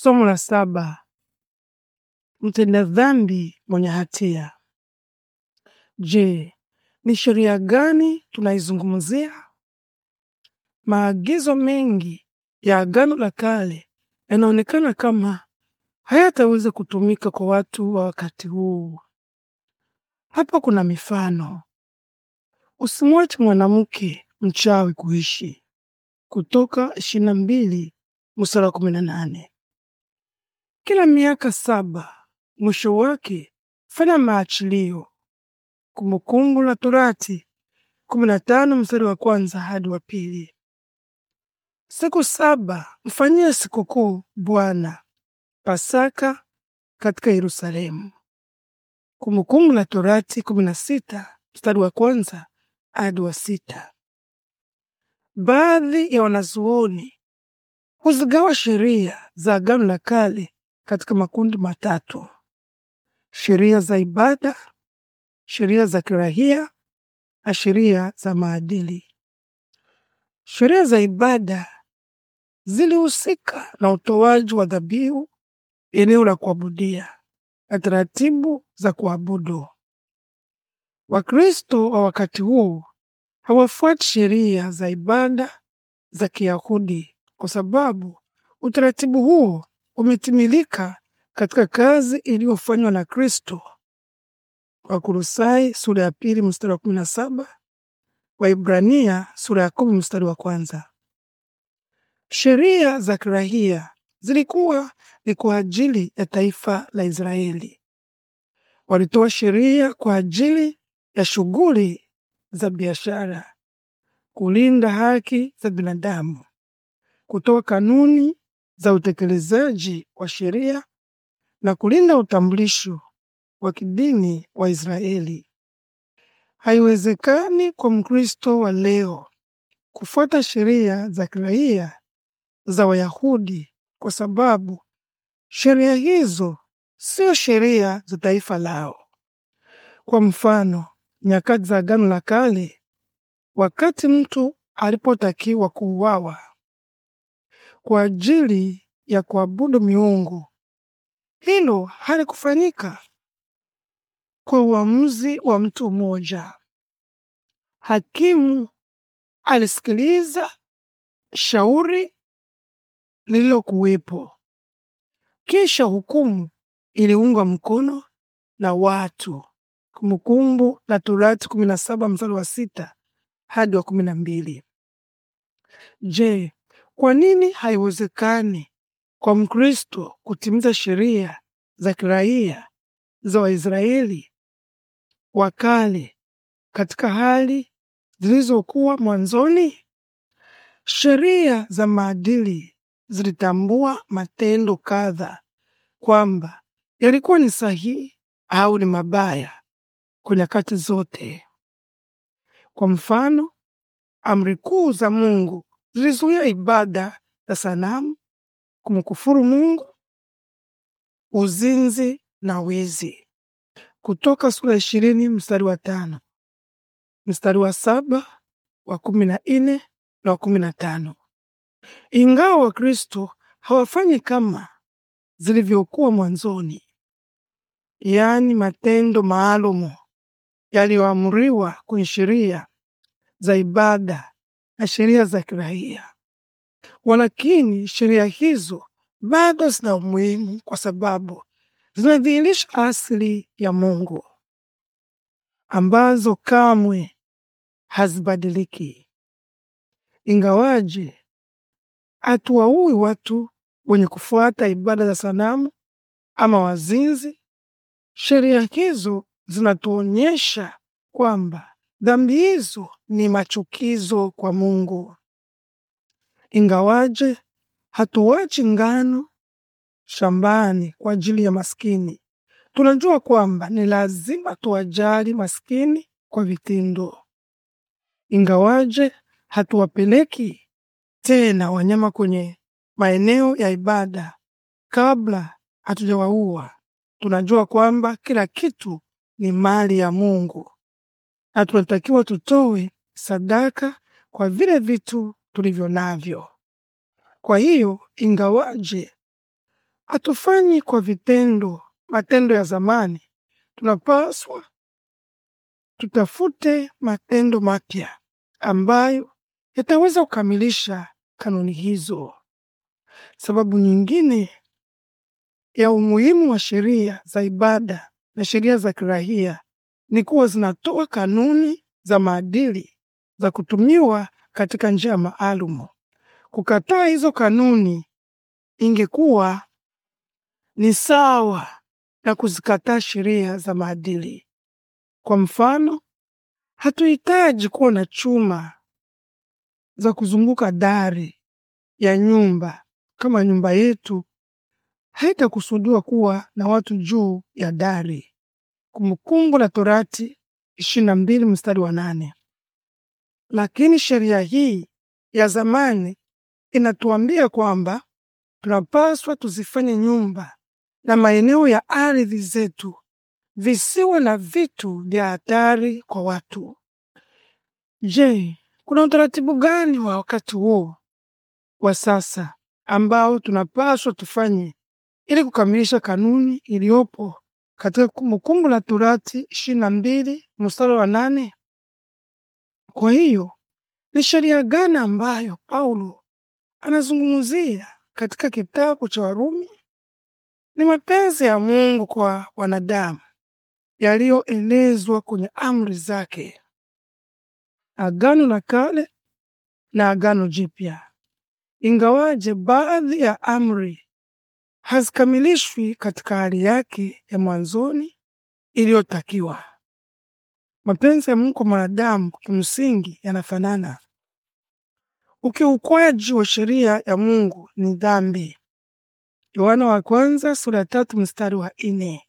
Somo la saba: mtenda dhambi mwenye hatia. Je, ni sheria gani tunaizungumzia? Maagizo mengi ya Agano la Kale yanaonekana kama hayataweza kutumika kwa watu wa wakati huu. Hapa kuna mifano: usimwache mwanamke mchawi kuishi, Kutoka 22 na mstari wa kila miaka saba. Mwisho wake fanya maachilio. Kumbukumbu la Torati 15 mstari wa kwanza hadi wa pili. Siku saba mfanyie sikukuu Bwana, Pasaka katika Yerusalemu. Kumbukumbu la Torati 16 mstari wa kwanza hadi wa sita. Baadhi ya wanazuoni huzigawa sheria za Agano la Kale katika makundi matatu: sheria za ibada, sheria za kirahia na sheria za maadili. Sheria za ibada zilihusika na utoaji wa dhabihu, eneo la kuabudia na taratibu za kuabudu. Wakristo wa wakati huo hawafuati sheria za ibada za Kiyahudi kwa sababu utaratibu huo umetimilika katika kazi iliyofanywa na Kristo. Wakolosai sura ya pili mstari wa kumi na saba Waibrania sura ya kumi mstari wa kwanza. Sheria za kirahia zilikuwa ni kwa ajili ya taifa la Israeli. Walitoa sheria kwa ajili ya shughuli za biashara, kulinda haki za binadamu, kutoa kanuni za utekelezaji wa sheria na kulinda utambulisho wa kidini wa Israeli. Haiwezekani kwa Mkristo wa leo kufuata sheria za kiraia za Wayahudi kwa sababu sheria hizo sio sheria za taifa lao. Kwa mfano, nyakati za Agano la Kale, wakati mtu alipotakiwa kuuawa kwa ajili ya kuabudu miungu. Hilo halikufanyika kwa uamuzi wa mtu mmoja. Hakimu alisikiliza shauri lililokuwepo, kisha hukumu iliungwa mkono na watu. Kumbukumbu la Torati kumi na saba mstari wa sita hadi wa kumi na mbili. Je, kwa nini haiwezekani kwa Mkristo kutimiza sheria za kiraia za Waisraeli wa kale katika hali zilizokuwa mwanzoni? Sheria za maadili zilitambua matendo kadha kwamba yalikuwa ni sahihi au ni mabaya kwa nyakati zote. Kwa mfano, amri kuu za Mungu zilizuia ibada za sanamu, kumkufuru Mungu, uzinzi na wizi. Kutoka sura ishirini mstari wa tano mstari wa saba wa kumi na nne na wa kumi na tano. Ingawa Wakristo hawafanyi kama zilivyokuwa mwanzoni, yaani matendo maalumu yaliyoamriwa kwenye sheria za ibada na sheria za kiraia, walakini sheria hizo bado zina umuhimu kwa sababu zinadhihirisha asili ya Mungu ambazo kamwe hazibadiliki, ingawaje hatuwaui watu wenye kufuata ibada za sanamu ama wazinzi. Sheria hizo zinatuonyesha kwamba Dhambi hizo ni machukizo kwa Mungu. Ingawaje hatuwachi ngano shambani kwa ajili ya maskini, tunajua kwamba ni lazima tuwajali maskini kwa vitendo. Ingawaje hatuwapeleki tena wanyama kwenye maeneo ya ibada kabla hatujawaua, tunajua kwamba kila kitu ni mali ya Mungu na tunatakiwa tutoe sadaka kwa vile vitu tulivyo navyo. Kwa hiyo, ingawaje hatufanyi kwa vitendo matendo ya zamani, tunapaswa tutafute matendo mapya ambayo yataweza kukamilisha kanuni hizo. Sababu nyingine ya umuhimu wa sheria za ibada na sheria za kirahia ni kuwa zinatoa kanuni za maadili za kutumiwa katika njia maalumu. Kukataa hizo kanuni ingekuwa ni sawa na kuzikataa sheria za maadili. Kwa mfano, hatuhitaji kuwa na chuma za kuzunguka dari ya nyumba kama nyumba yetu haitakusudiwa kuwa na watu juu ya dari. Kumbukumbu la Torati ishirini na mbili mstari wa nane. Lakini sheria hii ya zamani inatuambia kwamba tunapaswa tuzifanye nyumba na maeneo ya ardhi zetu visiwe na vitu vya hatari kwa watu. Je, kuna utaratibu gani wa wakati huo wa sasa ambao tunapaswa tufanye ili kukamilisha kanuni iliyopo katika Kumbukumbu la Torati ishirini na mbili mstari wa nane. Kwa hiyo ni sheria gani ambayo Paulo anazungumzia katika kitabu cha Warumi? Ni mapenzi ya Mungu kwa wanadamu yaliyoelezwa kwenye amri zake. Agano la Kale na Agano Jipya. Ingawaje baadhi ya amri hazikamilishwi katika hali yake ya mwanzoni iliyotakiwa. Mapenzi ya Mungu kwa mwanadamu kimsingi yanafanana. Ukiukwaji wa sheria ya Mungu ni dhambi. Yohana wa kwanza sura tatu mstari wa nne.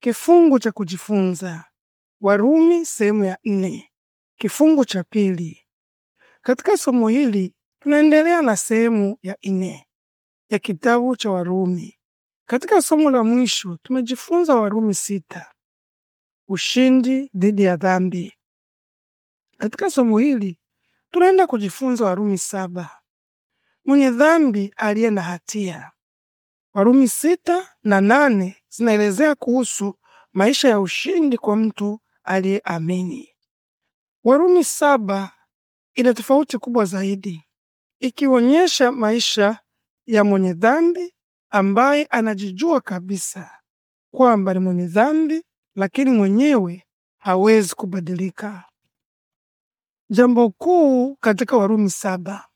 Kifungu cha kujifunza Warumi sehemu ya nne kifungu cha pili. Katika somo hili tunaendelea na sehemu ya nne ya kitabu cha Warumi. Katika somo la mwisho tumejifunza Warumi sita, ushindi dhidi ya dhambi. Katika somo hili tunaenda kujifunza Warumi saba, mwenye dhambi aliye na hatia. Warumi sita na nane zinaelezea kuhusu maisha ya ushindi kwa mtu aliyeamini. Warumi saba ina tofauti kubwa zaidi, ikionyesha maisha ya mwenye dhambi ambaye anajijua kabisa kwamba ni mwenye dhambi, lakini mwenyewe hawezi kubadilika. Jambo kuu katika Warumi saba,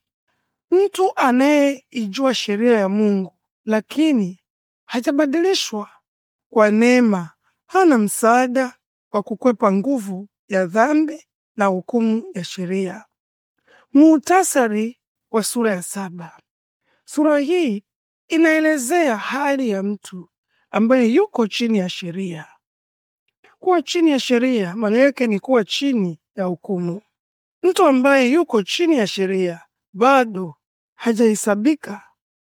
mtu anayeijua sheria ya Mungu lakini hajabadilishwa kwa neema, hana msaada wa kukwepa nguvu ya dhambi na hukumu ya sheria. Muhtasari wa sura ya saba. Sura hii inaelezea hali ya mtu ambaye yuko chini ya sheria. Kuwa chini ya sheria maana yake ni kuwa chini ya hukumu. Mtu ambaye yuko chini ya sheria bado hajahesabika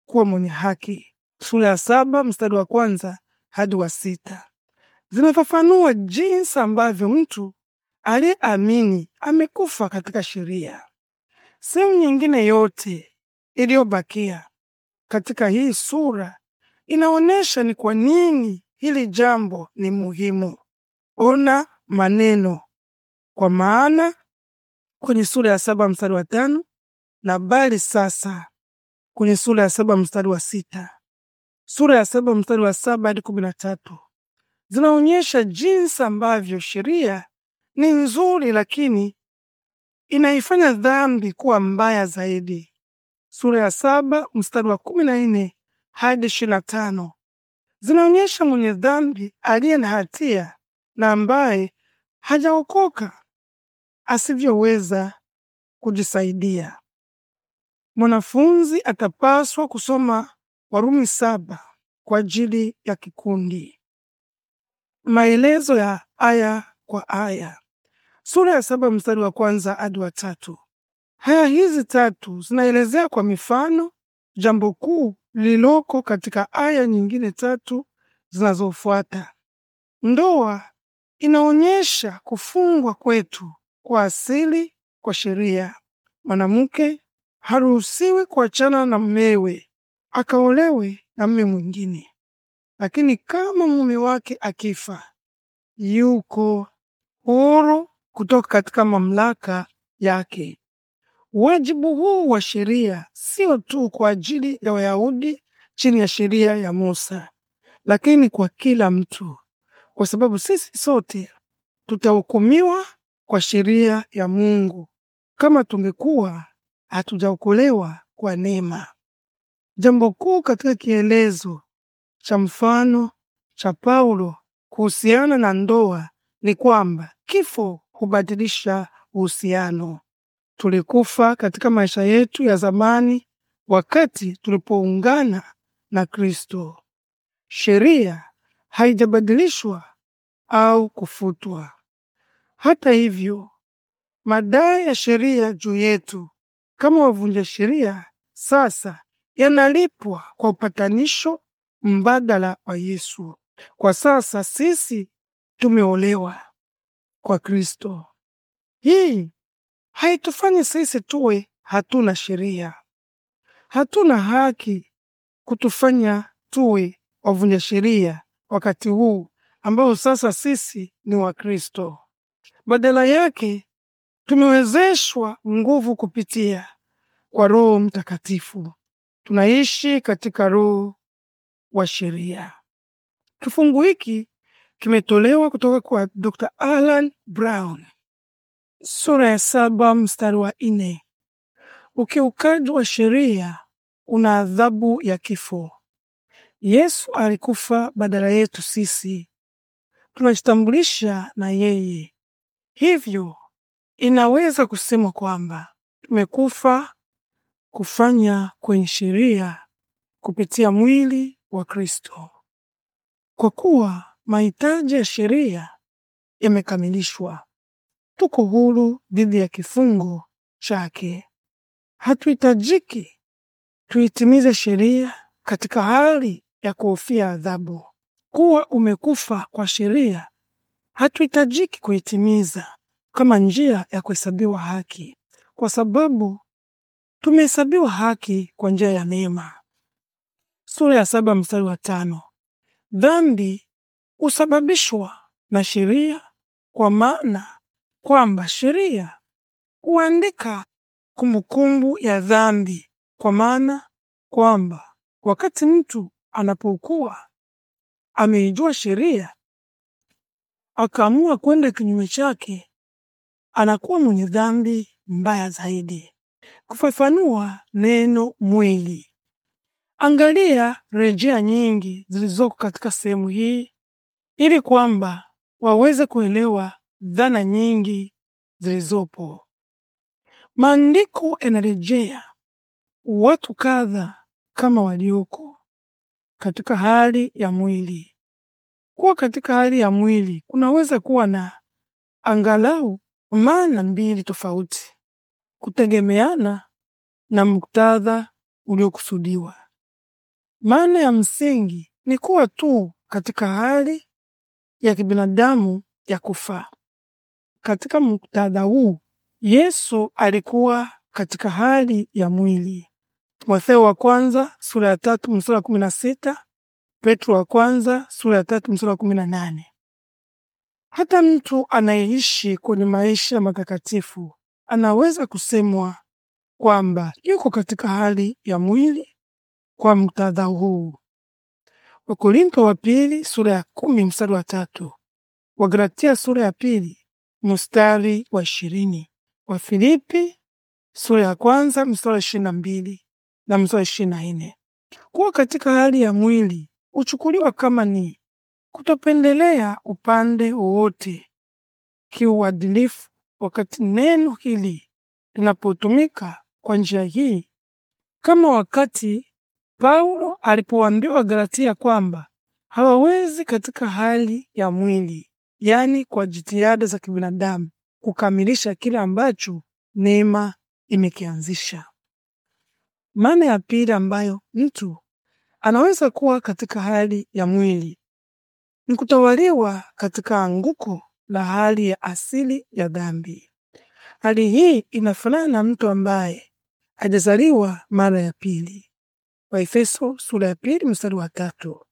kuwa mwenye haki. Sura ya saba mstari wa kwanza hadi wa sita zinafafanua jinsi ambavyo mtu aliyeamini amekufa katika sheria. Sehemu nyingine yote iliyobakia katika hii sura inaonyesha ni kwa nini hili jambo ni muhimu. Ona maneno kwa maana kwenye sura ya saba mstari wa tano na bali sasa kwenye sura ya saba mstari wa sita sura ya saba mstari wa saba hadi kumi na tatu zinaonyesha jinsi ambavyo sheria ni nzuri, lakini inaifanya dhambi kuwa mbaya zaidi sura ya saba mstari wa kumi na nne hadi ishirini na tano zinaonyesha mwenye dhambi aliye na hatia na ambaye hajaokoka asivyoweza kujisaidia. Mwanafunzi atapaswa kusoma Warumi saba kwa ajili ya kikundi. Maelezo ya aya kwa aya. Sura ya saba mstari wa kwanza hadi wa tatu. Haya hizi tatu zinaelezea kwa mifano jambo kuu lililoko katika aya nyingine tatu zinazofuata. Ndoa inaonyesha kufungwa kwetu kwa asili kwa sheria. Mwanamke haruhusiwi kuachana na mmewe akaolewe na mume mwingine, lakini kama mume wake akifa, yuko huru kutoka katika mamlaka yake. Wajibu huu wa sheria sio tu kwa ajili ya Wayahudi chini ya sheria ya Musa, lakini kwa kila mtu, kwa sababu sisi sote tutahukumiwa kwa sheria ya Mungu kama tungekuwa hatujaokolewa kwa neema. Jambo kuu katika kielezo cha mfano cha Paulo kuhusiana na ndoa ni kwamba kifo hubadilisha uhusiano tulikufa katika maisha yetu ya zamani wakati tulipoungana na Kristo. Sheria haijabadilishwa au kufutwa. Hata hivyo, madai ya sheria juu yetu kama wavunja sheria sasa yanalipwa kwa upatanisho mbadala wa Yesu. Kwa sasa sisi tumeolewa kwa Kristo. Hii haitufanyi sisi tuwe hatuna sheria. Hatuna haki kutufanya tuwe wavunja sheria wakati huu ambao sasa sisi ni Wakristo. Badala yake tumewezeshwa nguvu kupitia kwa Roho Mtakatifu. Tunaishi katika roho wa sheria. Kifungu hiki kimetolewa kutoka kwa Dr. Alan Brown sura ya saba mstari wa nne. Ukiukaji wa sheria una adhabu ya kifo. Yesu alikufa badala yetu sisi. Tunajitambulisha na yeye, hivyo inaweza kusema kwamba tumekufa kufanya kwenye sheria kupitia mwili wa Kristo, kwa kuwa mahitaji ya sheria yamekamilishwa tuko huru dhidi ya kifungo chake. Hatuhitajiki tuitimize sheria katika hali ya kuhofia adhabu. Kuwa umekufa kwa sheria, hatuhitajiki kuitimiza kama njia ya kuhesabiwa haki, kwa sababu tumehesabiwa haki kwa njia ya neema. Sura ya saba mstari wa tano. Dhambi husababishwa na sheria, kwa maana kwamba sheria huandika kumbukumbu ya dhambi, kwa maana kwamba wakati mtu anapokuwa ameijua sheria akaamua kwenda kinyume chake, anakuwa mwenye dhambi mbaya zaidi. Kufafanua neno mwili, angalia rejea nyingi zilizoko katika sehemu hii ili kwamba waweze kuelewa dhana nyingi zilizopo. Maandiko yanarejea watu kadha kama walioko katika hali ya mwili. Kuwa katika hali ya mwili kunaweza kuwa na angalau maana mbili tofauti kutegemeana na muktadha uliokusudiwa. Maana ya msingi ni kuwa tu katika hali ya kibinadamu ya kufaa katika muktadha huu, Yesu alikuwa katika hali ya mwili. Timotheo wa kwanza sura ya tatu mstari wa kumi na sita Petro wa kwanza sura ya tatu mstari wa kumi na nane Hata mtu anayeishi kwenye maisha matakatifu anaweza kusemwa kwamba yuko katika hali ya mwili kwa muktadha huu. Wakorintho wa pili sura ya kumi mstari wa tatu Wagalatia sura ya pili mstari wa ishirini, Filipi sura ya kwanza mstari wa ishirini na mbili na mstari wa ishirini na nne. Kuwa katika hali ya mwili huchukuliwa kama ni kutopendelea upande wowote kiuadilifu. Wakati neno hili linapotumika kwa njia hii, kama wakati Paulo alipoambiwa Galatia kwamba hawawezi katika hali ya mwili yaani kwa jitihada za kibinadamu kukamilisha kile ambacho neema imekianzisha. Maana ya pili ambayo mtu anaweza kuwa katika hali ya mwili ni kutawaliwa katika anguko la hali ya asili ya dhambi. Hali hii inafanana na mtu ambaye hajazaliwa mara ya pili, Waefeso sura ya pili mstari wa tatu.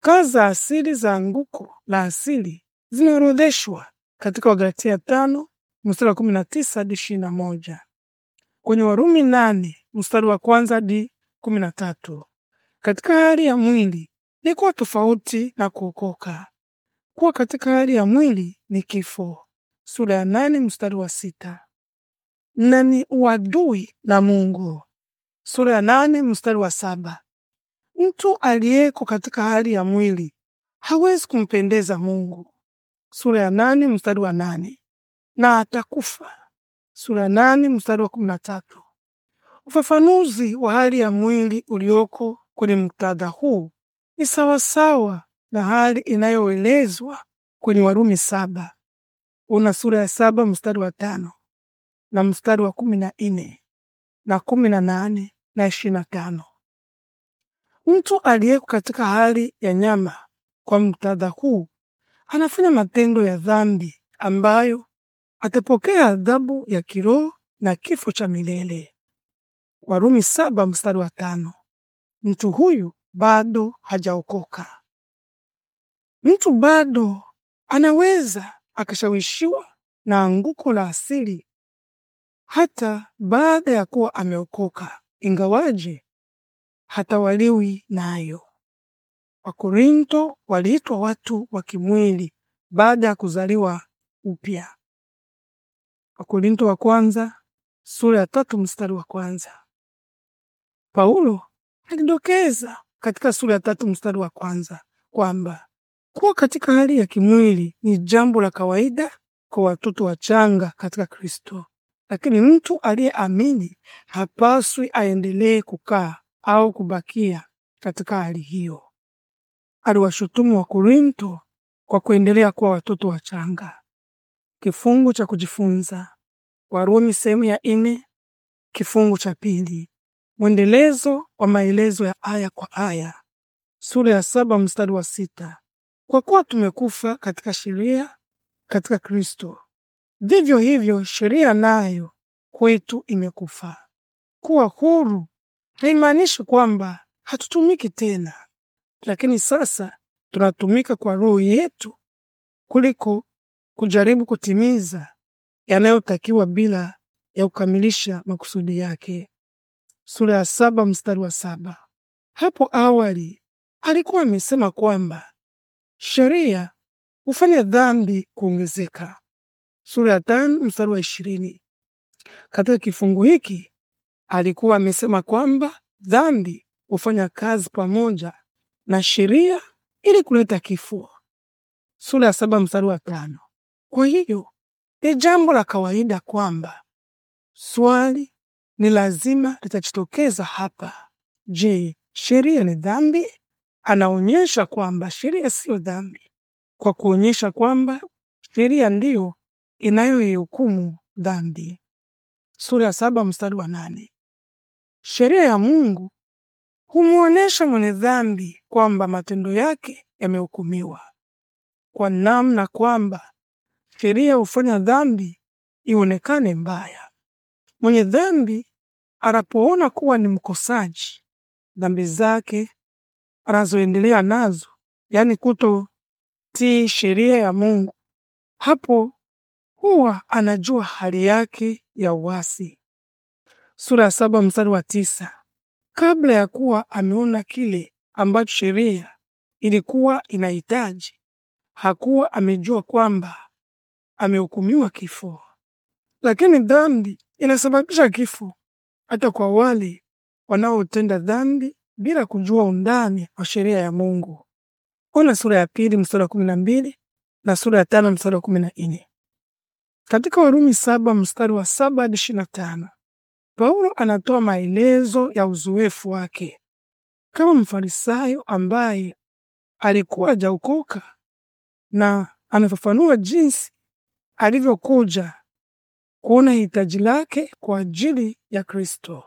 Kazi za asili za anguko la asili zimeorodheshwa katika Wagalatia tano mstari wa kumi na tisa hadi ishirini na moja kwenye Warumi nane mstari wa kwanza hadi kumi na tatu Katika hali ya mwili ni kuwa tofauti na kuokoka. Kuwa katika hali ya mwili ni kifo, sura ya nane mstari wa sita na ni uadui na Mungu, sura ya nane mstari wa saba Mtu aliyeko katika hali ya mwili hawezi kumpendeza Mungu sura ya nane mstari wa nane na atakufa, sura ya nane mstari wa kumi na tatu. Ufafanuzi wa hali ya mwili ulioko kwenye muktadha huu ni sawasawa na hali inayoelezwa kwenye Warumi saba una sura ya saba mstari wa tano na mstari wa kumi na nne na kumi na nane na ishirini na tano. Mtu aliyeko katika hali ya nyama kwa muktadha huu anafanya matendo ya dhambi ambayo atapokea adhabu ya kiroho na kifo cha milele. Warumi saba mstari wa tano. Mtu huyu bado hajaokoka. Mtu bado anaweza akashawishiwa na anguko la asili hata baada ya kuwa ameokoka, ingawaje hatawaliwi nayo. Wakorintho waliitwa watu wa kimwili baada ya kuzaliwa upya. Wakorintho wa kwanza sura ya tatu mstari wa kwanza. Paulo alidokeza katika sura ya tatu mstari wa kwanza kwamba kuwa katika hali ya kimwili ni jambo la kawaida kwa watoto wachanga katika Kristo, lakini mtu aliyeamini hapaswi aendelee kukaa au kubakia katika hali hiyo aliwashutumu wa Korinto kwa kuendelea kuwa watoto wachanga. Kifungu cha kujifunza Warumi sehemu ya ine kifungu cha pili mwendelezo wa maelezo ya aya kwa aya sura ya saba mstari wa sita kwa kuwa tumekufa katika sheria katika Kristo, vivyo hivyo sheria nayo kwetu imekufa. Kuwa huru haimaanishi kwamba hatutumiki tena, lakini sasa tunatumika kwa roho yetu kuliko kujaribu kutimiza yanayotakiwa bila ya kukamilisha makusudi yake. Sura ya saba mstari wa saba. Hapo awali alikuwa amesema kwamba sheria hufanya dhambi kuongezeka. Sura ya tano mstari wa ishirini. Katika kifungu hiki alikuwa amesema kwamba dhambi hufanya kazi pamoja na sheria ili kuleta kifo, sura ya saba mstari wa tano. Kwa hiyo ni jambo la kawaida kwamba swali ni lazima litajitokeza hapa. Je, sheria ni dhambi? Anaonyesha kwamba sheria siyo dhambi kwa kuonyesha kwamba sheria ndiyo inayoihukumu dhambi. Sura ya saba mstari wa nane. Sheria ya Mungu humwonyesha mwenye dhambi kwamba matendo yake yamehukumiwa, kwa namna kwamba sheria hufanya dhambi ionekane mbaya. Mwenye dhambi anapoona kuwa ni mkosaji, dhambi zake anazoendelea nazo, yaani kutotii sheria ya Mungu, hapo huwa anajua hali yake ya uasi. Sura ya saba mstari wa tisa kabla ya kuwa ameona kile ambacho sheria ilikuwa inahitaji, hakuwa amejua kwamba amehukumiwa kifo. Lakini dhambi inasababisha kifo hata kwa wale wanaotenda dhambi bila kujua undani wa sheria ya Mungu. Ona sura ya pili mstari wa kumi na mbili na sura ya tano mstari wa kumi na nne katika Warumi saba mstari wa saba hadi ishirini na tano. Paulo anatoa maelezo ya uzoefu wake kama Mfarisayo ambaye alikuwa hajaokoka na anafafanua jinsi alivyokuja kuona hitaji lake kwa ajili ya Kristo.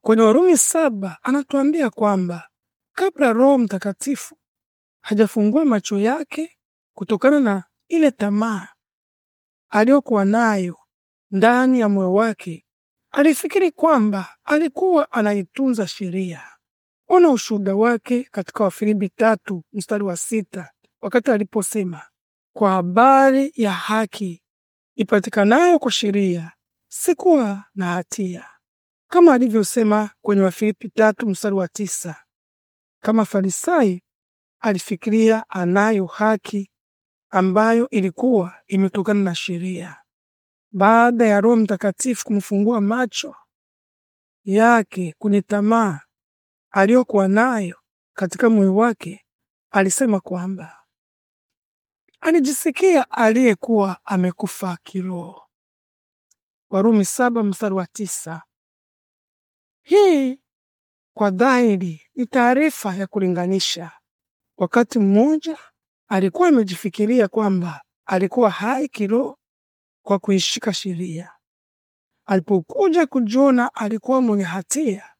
Kwenye Warumi saba anatuambia kwamba kabla Roho Mtakatifu hajafungua macho yake kutokana na ile tamaa aliyokuwa nayo ndani ya moyo wake alifikiri kwamba alikuwa anaitunza sheria. Ona ushuhuda wake katika Wafilipi tatu mstari wa sita wakati aliposema, kwa habari ya haki ipatikanayo kwa sheria sikuwa na hatia, kama alivyosema kwenye Wafilipi tatu mstari wa tisa. Kama Farisai alifikiria anayo haki ambayo ilikuwa imetokana na sheria baada ya Roho Mtakatifu kumfungua macho yake kwenye tamaa aliyokuwa nayo katika moyo wake, alisema kwamba alijisikia aliyekuwa amekufa kiroho. Warumi saba mstari wa tisa. Hii kwa dhahiri ni taarifa ya kulinganisha. Wakati mmoja alikuwa amejifikiria kwamba alikuwa hai kiroho kwa kuishika sheria. Alipokuja kujiona alikuwa mwenye hatia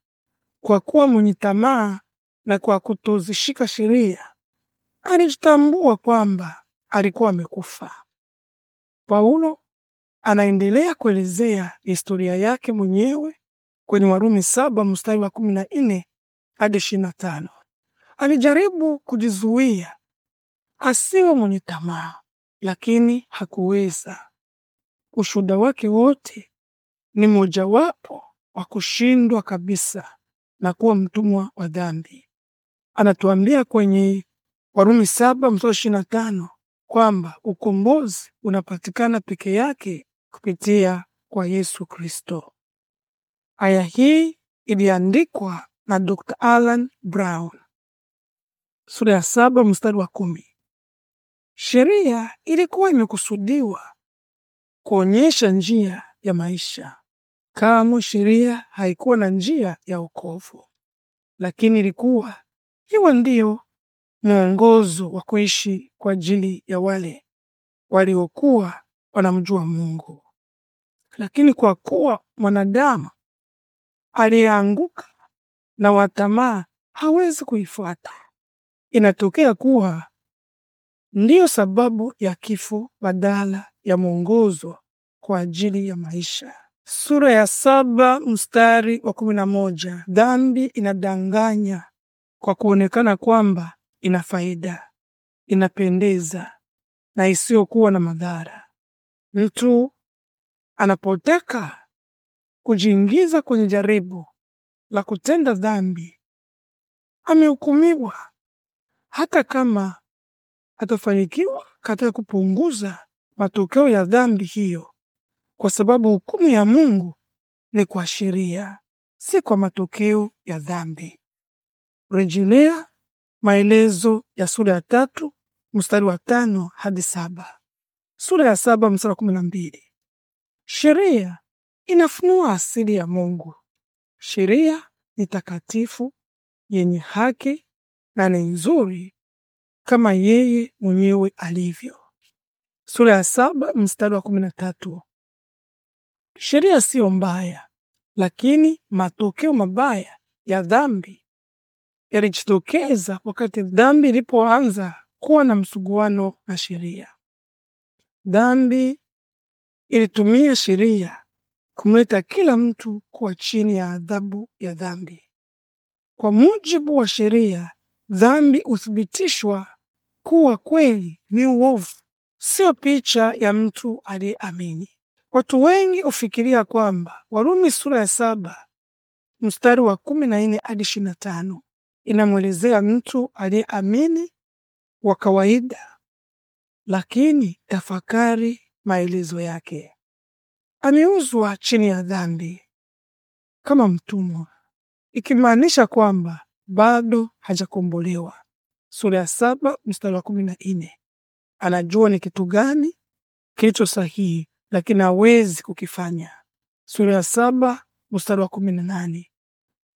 kwa kuwa mwenye tamaa na kwa kutozishika sheria, alijitambua kwamba alikuwa amekufa. Paulo anaendelea kuelezea historia yake mwenyewe kwenye Warumi saba mstari wa kumi na nne hadi ishirini na tano. Alijaribu kujizuia asiwe mwenye tamaa, lakini hakuweza ushuhuda wake wote ni mojawapo wa kushindwa kabisa na kuwa mtumwa wa dhambi. Anatuambia kwenye Warumi saba mstari ishirini na tano kwamba ukombozi unapatikana peke yake kupitia kwa Yesu Kristo. Aya hii iliandikwa na Dr. Alan Brown. Sura ya saba mstari wa kumi. Sheria ilikuwa imekusudiwa kuonyesha njia ya maisha. Kamwe sheria haikuwa na njia ya wokovu, lakini ilikuwa iwe ndiyo mwongozo wa kuishi kwa ajili ya wale waliokuwa wanamjua Mungu. Lakini kwa kuwa mwanadamu aliyeanguka na watamaa hawezi kuifuata, inatokea kuwa ndiyo sababu ya kifo badala ya mwongozo kwa ajili ya maisha. Sura ya saba mstari wa kumi na moja. Dhambi inadanganya kwa kuonekana kwamba ina faida, inapendeza na isiyokuwa na madhara. Mtu anapotaka kujiingiza kwenye jaribu la kutenda dhambi, amehukumiwa hata kama hatafanikiwa katika kupunguza matokeo ya dhambi hiyo, kwa sababu hukumu ya Mungu ni kwa sheria, si kwa matokeo ya dhambi. Rejelea maelezo ya sura ya tatu mstari wa tano hadi saba, sura ya saba mstari wa kumi na mbili. Sheria inafunua asili ya Mungu. Sheria ni takatifu, yenye haki na ni nzuri kama yeye mwenyewe alivyo sura ya saba mstari wa kumi na tatu. Sheria siyo mbaya, lakini matokeo mabaya ya dhambi yalijitokeza wakati dhambi ilipoanza kuwa na msuguano na sheria. Dhambi ilitumia sheria kumleta kila mtu kuwa chini ya adhabu ya dhambi. Kwa mujibu wa sheria, dhambi huthibitishwa kuwa kweli ni uovu sio picha ya mtu aliyeamini. Watu wengi hufikiria kwamba Warumi sura ya saba mstari wa kumi na nne hadi ishirini na tano inamwelezea mtu aliyeamini wa kawaida, lakini tafakari maelezo yake. Ameuzwa chini ya dhambi kama mtumwa, ikimaanisha kwamba bado hajakombolewa. Sura ya saba mstari wa kumi na nne anajua ni kitu gani kilicho sahihi, lakini hawezi kukifanya. Sura ya saba mstari wa kumi na nane.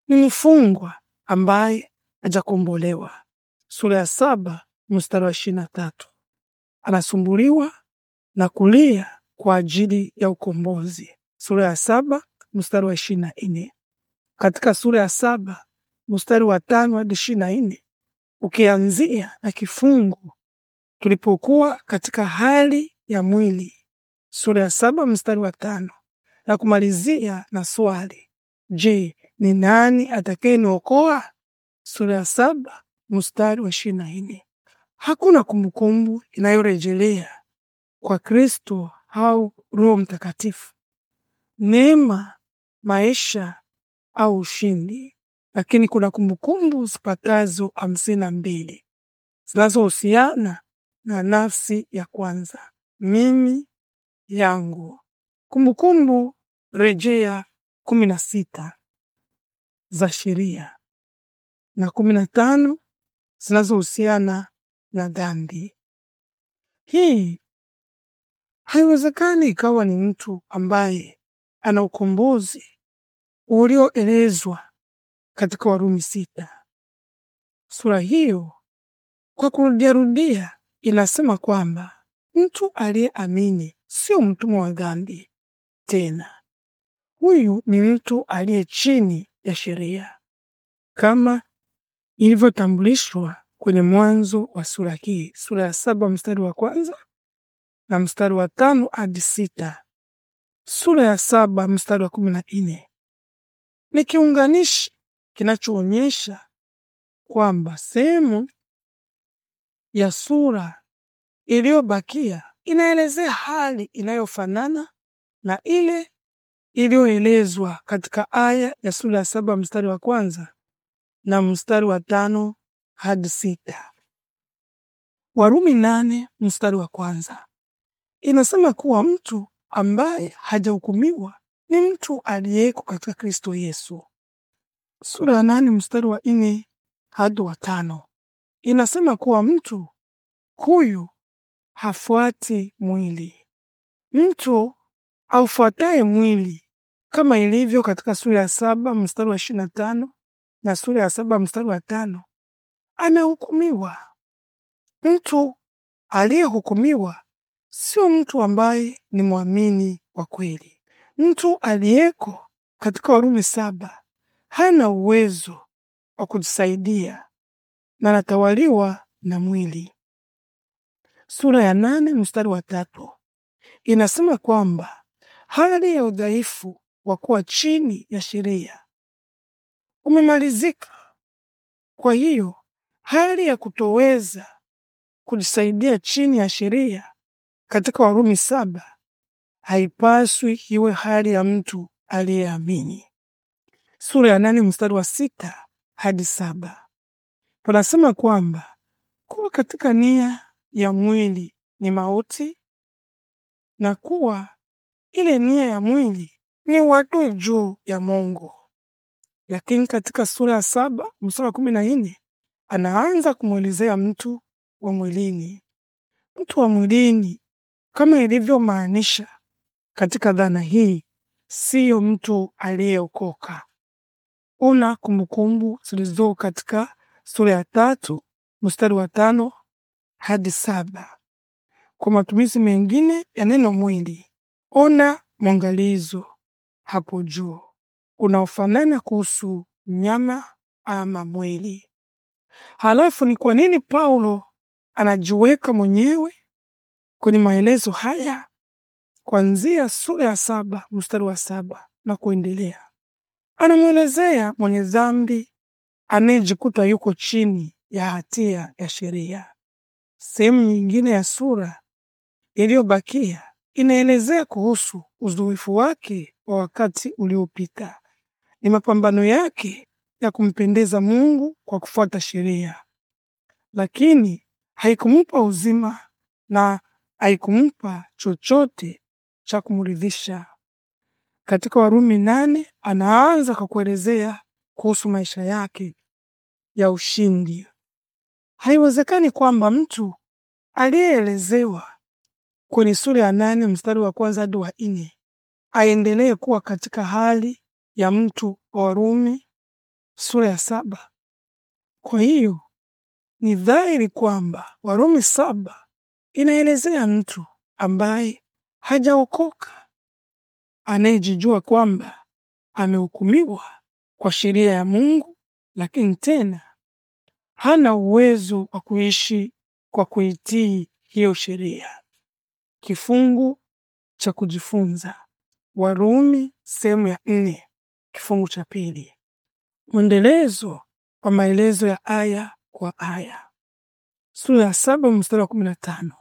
Ni mfungwa ambaye hajakombolewa. Sura ya saba mstari wa ishirini na tatu. Anasumbuliwa na kulia kwa ajili ya ukombozi. Sura ya saba mstari wa ishirini na nne. Katika sura ya saba mstari wa tano hadi ishirini na nne ukianzia na kifungu tulipokuwa katika hali ya mwili, sura ya saba mstari wa tano na kumalizia na swali, je, ni nani atakayeniokoa? Sura ya saba mstari wa ishirini na nne. Hakuna kumbukumbu inayorejelea kwa Kristo au Roho Mtakatifu, neema, maisha au ushindi, lakini kuna kumbukumbu zipatazo hamsini na mbili zinazohusiana na nafsi ya kwanza, mimi yangu. Kumbukumbu rejea kumi na sita za sheria na kumi na tano zinazohusiana na dhambi. Hii haiwezekani ikawa ni mtu ambaye ana ukombozi ulioelezwa katika Warumi sita sura hiyo kwa kurudiarudia inasema kwamba mtu aliyeamini sio mtumwa wa dhambi tena. Huyu ni mtu aliye chini ya sheria kama ilivyotambulishwa kwenye mwanzo wa sura hii, sura ya saba mstari wa kwanza na mstari wa tano hadi sita. Sura ya saba mstari wa kumi na nne ni kiunganishi kinachoonyesha kwamba sehemu ya sura iliyobakia inaelezea hali inayofanana na ile iliyoelezwa katika aya ya sura ya saba mstari wa kwanza na mstari wa tano hadi sita. Warumi nane mstari wa kwanza inasema kuwa mtu ambaye hajahukumiwa ni mtu aliyeko katika Kristo Yesu. Sura ya nane mstari wa nne hadi wa tano inasema kuwa mtu huyu hafuati mwili. Mtu aufuataye mwili, kama ilivyo katika sura ya saba mstari wa ishirini na tano na sura ya saba mstari wa tano amehukumiwa. Mtu aliyehukumiwa sio mtu ambaye ni mwamini wa kweli. Mtu aliyeko katika Warumi saba hana uwezo wa kujisaidia na natawaliwa na mwili. Sura ya nane mstari wa tatu inasema kwamba hali ya udhaifu wa kuwa chini ya sheria umemalizika. Kwa hiyo hali ya kutoweza kujisaidia chini ya sheria katika Warumi saba haipaswi iwe hali ya mtu aliyeamini. Sura ya nane mstari wa sita hadi saba. Tunasema kwamba kuwa katika nia ya mwili ni mauti na kuwa ile nia ya mwili ni uadui juu ya Mungu. Lakini katika sura ya saba mstari wa kumi na nne anaanza kumwelezea mtu wa mwilini. Mtu wa mwilini kama ilivyomaanisha katika dhana hii, siyo mtu aliyeokoka. Una kumbukumbu zilizo katika sura ya tatu mstari wa tano hadi saba. Kwa matumizi mengine ya neno mwili, ona mwangalizo hapo juu unaofanana kuhusu nyama ama mwili. Halafu ni kwa nini Paulo anajiweka mwenyewe kwenye maelezo haya kuanzia sura ya saba mstari wa saba na kuendelea? Anamwelezea mwenye dhambi anayejikuta yuko chini ya hatia ya sheria. Sehemu nyingine ya sura iliyobakia inaelezea kuhusu uzoefu wake wa wakati uliopita. Ni mapambano yake ya kumpendeza Mungu kwa kufuata sheria, lakini haikumpa uzima na haikumpa chochote cha kumridhisha. Katika Warumi nane anaanza kwa kuelezea kuhusu maisha yake ya ushindi. Haiwezekani kwamba mtu aliyeelezewa kwenye sura ya nane mstari wa kwanza hadi wa nne aendelee kuwa katika hali ya mtu wa Warumi sura ya saba. Kwa hiyo ni dhahiri kwamba Warumi saba inaelezea mtu ambaye hajaokoka anayejijua kwamba amehukumiwa kwa sheria ya Mungu, lakini tena hana uwezo wa kuishi kwa kuitii hiyo sheria. Kifungu cha kujifunza, Warumi sehemu ya nne kifungu cha pili, mwendelezo wa maelezo ya aya kwa aya. Sura ya saba mstari wa kumi na tano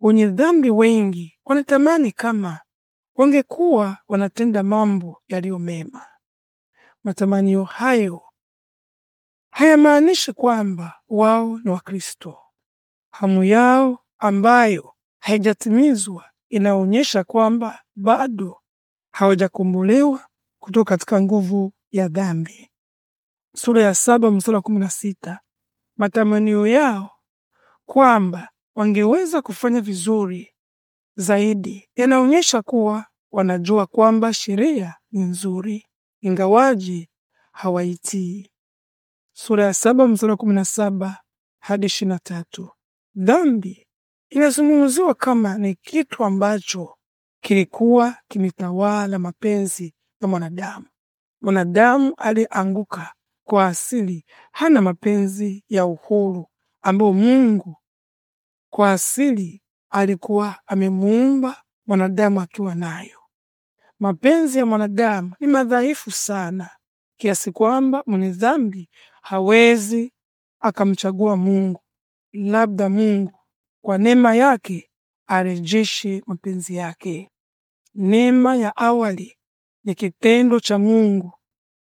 wenye dhambi wengi wanatamani kama wangekuwa wanatenda mambo yaliyo mema, matamanio hayo hayamaanishi kwamba wao ni Wakristo. Hamu yao ambayo haijatimizwa inaonyesha kwamba bado hawajakombolewa kutoka katika nguvu ya dhambi. Sura ya saba mstari wa kumi na sita. Matamanio yao kwamba wangeweza kufanya vizuri zaidi yanaonyesha kuwa wanajua kwamba sheria ni nzuri ingawaji hawaitii. Sura ya saba mstari wa kumi na saba hadi ishirini na tatu. Dhambi inazungumziwa kama ni kitu ambacho kilikuwa kimetawala mapenzi ya mwanadamu. Mwanadamu alianguka kwa asili, hana mapenzi ya uhuru ambayo Mungu kwa asili alikuwa amemuumba mwanadamu akiwa nayo. Mapenzi ya mwanadamu ni madhaifu sana kiasi kwamba mwenye dhambi hawezi akamchagua Mungu. Labda Mungu kwa neema yake arejeshe mapenzi yake. Neema ya awali ni kitendo cha Mungu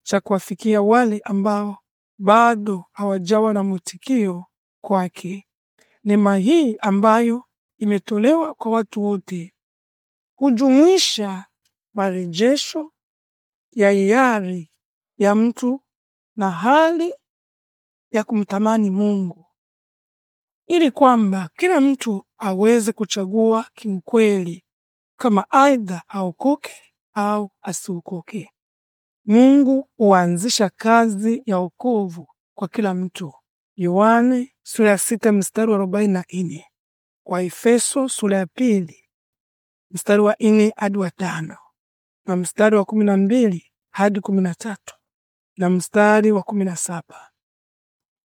cha kuwafikia wale ambao bado hawajawa na mwitikio kwake. Neema hii ambayo imetolewa kwa watu wote hujumuisha marejesho ya hiari ya mtu na hali ya kumtamani Mungu ili kwamba kila mtu aweze kuchagua kimkweli kama aidha aokoke au asiokoke. Mungu huanzisha kazi ya wokovu kwa kila mtu. Yohane sura ya sita mstari wa arobaini na nne. Waefeso sura ya pili mstari wa nne hadi wa tano na mstari wa kumi na mbili hadi kumi na tatu na mstari wa kumi na saba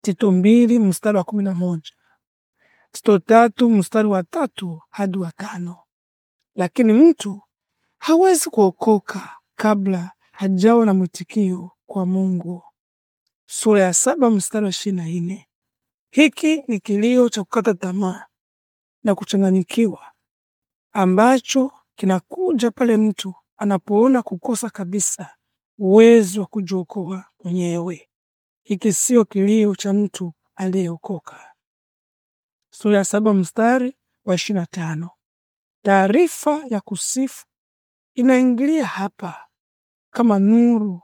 Tito mbili mstari wa kumi na moja Tito tatu mstari wa tatu hadi wa tano Lakini mtu hawezi kuokoka kabla hajawa na mwitikio kwa Mungu. Sura ya saba mstari wa ishirini na nne Hiki ni kilio cha kukata tamaa na kuchanganyikiwa ambacho kinakuja pale mtu anapoona kukosa kabisa uwezo wa kujiokoa mwenyewe. Hiki sio kilio cha mtu aliyeokoka. Sura ya saba mstari wa ishirini na tano. Taarifa ya kusifu inaingilia hapa kama nuru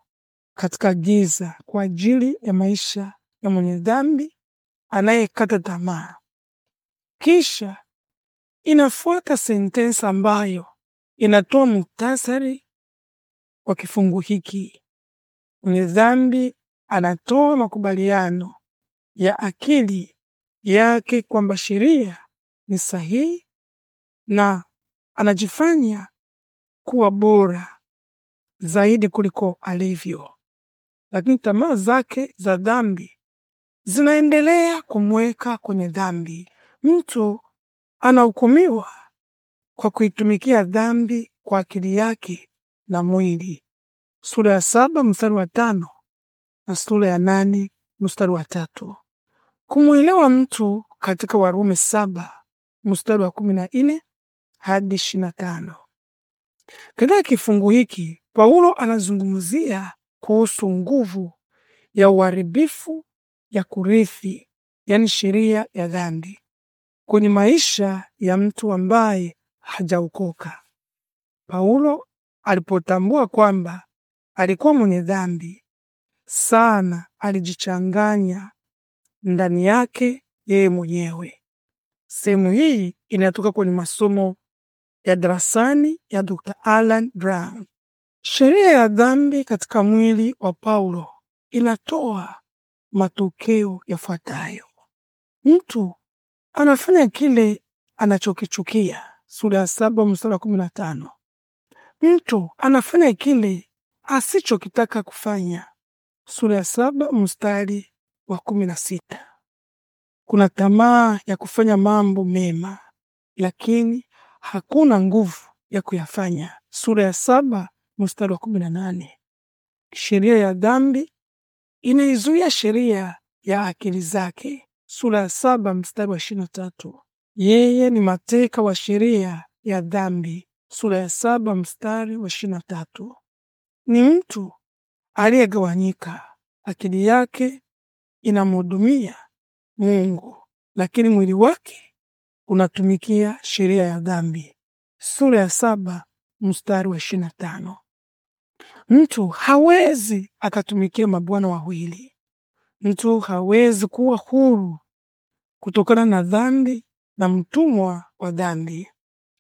katika giza kwa ajili ya maisha ya mwenye dhambi anayekata tamaa. Kisha inafuata sentensi ambayo inatoa muhtasari wa kifungu hiki. Mwenye dhambi anatoa makubaliano ya akili yake kwamba sheria ni sahihi na anajifanya kuwa bora zaidi kuliko alivyo, lakini tamaa zake za dhambi zinaendelea kumweka kwenye dhambi. Mtu anahukumiwa kwa kuitumikia dhambi kwa akili yake na mwili. Sura ya saba mstari wa tano na sura ya nane mstari wa tatu. Kumwelewa mtu katika Warumi saba mstari wa kumi na nne hadi ishirini na tano. Katika kifungu hiki Paulo anazungumzia kuhusu nguvu ya uharibifu ya kurithi, yani sheria ya dhambi kwenye maisha ya mtu ambaye hajaokoka. Paulo alipotambua kwamba alikuwa mwenye dhambi sana, alijichanganya ndani yake yeye mwenyewe. Sehemu hii inatoka kwenye masomo ya darasani ya Dr. Alan Brown. Sheria ya dhambi katika mwili wa Paulo inatoa matokeo yafuatayo: mtu anafanya kile anachokichukia sura ya saba mstari wa kumi na tano. Mtu anafanya kile asichokitaka kufanya, sura ya saba mstari wa kumi na sita. Kuna tamaa ya kufanya mambo mema, lakini hakuna nguvu ya kuyafanya, sura ya saba mstari wa kumi na nane. Sheria ya dhambi inaizuia sheria ya akili zake, sura ya saba mstari wa ishirini na tatu. Yeye ni mateka wa sheria ya dhambi, sura ya saba mstari wa ishirini na tatu. Ni mtu aliyegawanyika, akili yake inamhudumia Mungu, lakini mwili wake unatumikia sheria ya dhambi, sura ya saba mstari wa ishirini na tano. Mtu hawezi akatumikia mabwana wawili. Mtu hawezi kuwa huru kutokana na dhambi na mtumwa wa dhambi.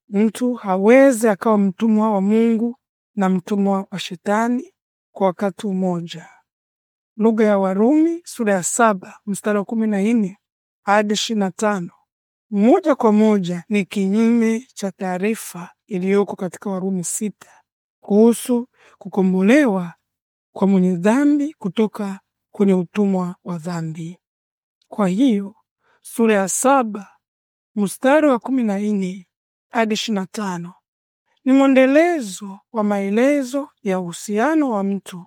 Mtu hawezi akawa mtumwa wa Mungu na mtumwa wa shetani kwa wakati mmoja. Lugha ya Warumi sura ya saba mstari wa kumi na nne hadi ishirini na tano moja kwa moja ni kinyume cha taarifa iliyoko katika Warumi sita kuhusu kukombolewa kwa mwenye dhambi kutoka kwenye utumwa wa dhambi. Kwa hiyo sura ya saba mstari wa kumi na nne hadi ishirini na tano ni mwendelezo wa maelezo ya uhusiano wa mtu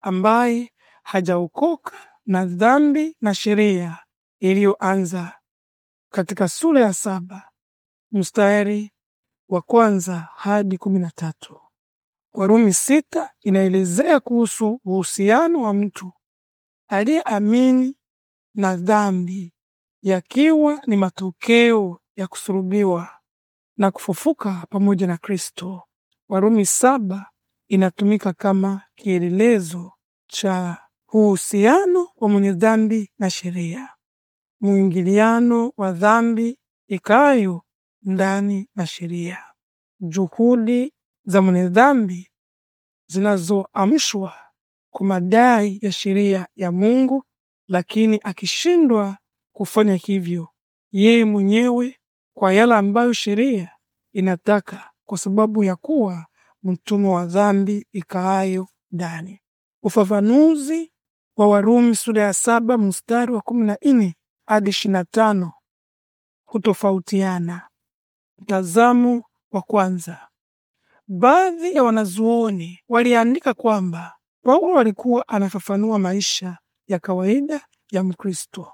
ambaye hajaokoka na dhambi na sheria iliyoanza katika sura ya saba mstari wa kwanza hadi kumi na tatu. Warumi sita inaelezea kuhusu uhusiano wa mtu aliyeamini na dhambi yakiwa ni matokeo ya kusulubiwa na kufufuka pamoja na Kristo. Warumi saba inatumika kama kielelezo cha uhusiano wa mwenye dhambi na sheria, mwingiliano wa dhambi ikayo ndani na sheria, juhudi za mwenye dhambi zinazoamshwa kwa madai ya sheria ya Mungu, lakini akishindwa kufanya hivyo yeye mwenyewe kwa yale ambayo sheria inataka, kwa sababu ya kuwa mtumwa wa dhambi ikaayo ndani. Ufafanuzi wa Warumi sura ya saba mstari wa kumi na nne hadi ishirini na tano hutofautiana. Mtazamo wa kwanza, baadhi ya wanazuoni waliandika kwamba Paulo alikuwa anafafanua maisha ya kawaida ya Mkristo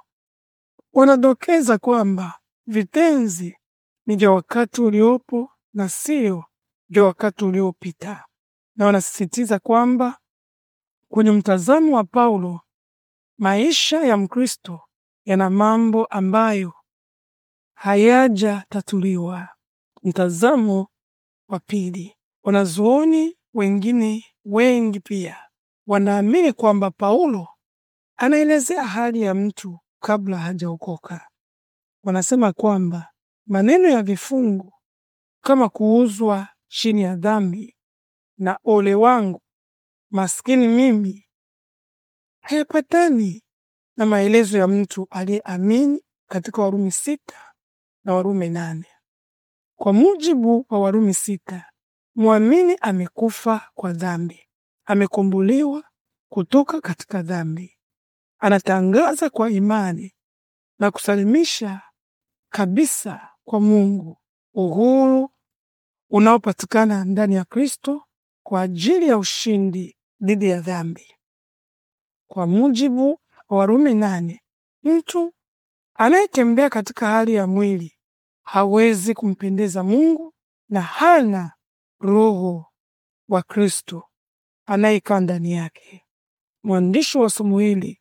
wanadokeza kwamba vitenzi ni vya wakati uliopo na sio vya wakati uliopita, na wanasisitiza kwamba kwenye mtazamo wa Paulo maisha ya Mkristo yana mambo ambayo hayajatatuliwa. Mtazamo wa pili, wanazuoni wengine wengi pia wanaamini kwamba Paulo anaelezea hali ya mtu kabla hajaokoka. Wanasema kwamba maneno ya vifungu kama kuuzwa chini ya dhambi na ole wangu maskini mimi hayapatani na maelezo ya mtu aliyeamini katika Warumi sita na Warumi nane. Kwa mujibu wa Warumi sita, mwamini amekufa kwa dhambi, amekumbuliwa kutoka katika dhambi anatangaza kwa imani na kusalimisha kabisa kwa Mungu uhuru unaopatikana ndani ya Kristo kwa ajili ya ushindi dhidi ya dhambi. Kwa mujibu wa Warumi nane, mtu anayetembea katika hali ya mwili hawezi kumpendeza Mungu na hana roho wa Kristo anayekaa ndani yake. Mwandishi wa somo hili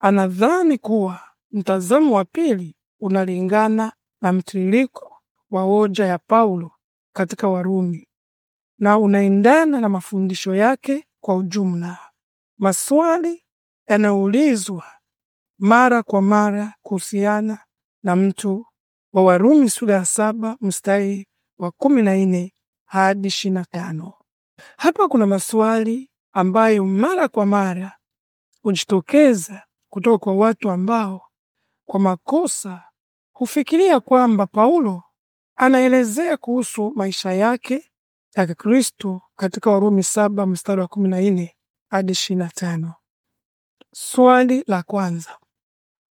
anadhani kuwa mtazamo wa pili unalingana na mtiririko wa hoja ya Paulo katika Warumi na unaendana na mafundisho yake kwa ujumla. Maswali yanayoulizwa mara kwa mara kuhusiana na mtu wa Warumi sura ya saba mstari wa kumi na nne hadi ishirini na tano. Hapa kuna maswali ambayo mara kwa mara hujitokeza kutoka kwa watu ambao kwa makosa hufikiria kwamba Paulo anaelezea kuhusu maisha yake ya Kikristo katika Warumi saba mstari wa kumi na nne hadi ishirini na tano. Swali la kwanza: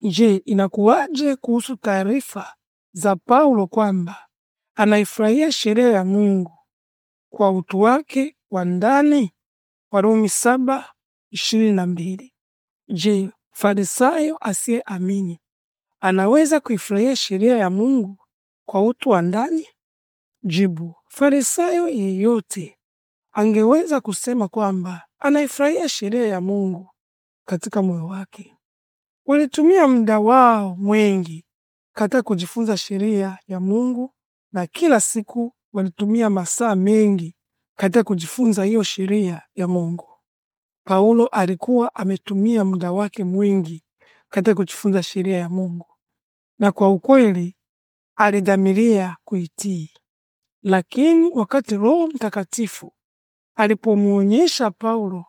Je, inakuwaje kuhusu taarifa za Paulo kwamba anaifurahia sheria ya Mungu kwa utu wake wa ndani? Warumi saba ishirini na mbili. Je, Farisayo asiyeamini anaweza kuifurahia sheria ya Mungu kwa utu wa ndani? Jibu: Farisayo yeyote angeweza kusema kwamba anaifurahia sheria ya Mungu katika moyo wake. Walitumia muda wao mwingi katika kujifunza sheria ya Mungu, na kila siku walitumia masaa mengi katika kujifunza hiyo sheria ya Mungu. Paulo alikuwa ametumia muda wake mwingi katika kujifunza sheria ya Mungu na kwa ukweli alidhamiria kuitii. Lakini wakati Roho Mtakatifu alipomwonyesha Paulo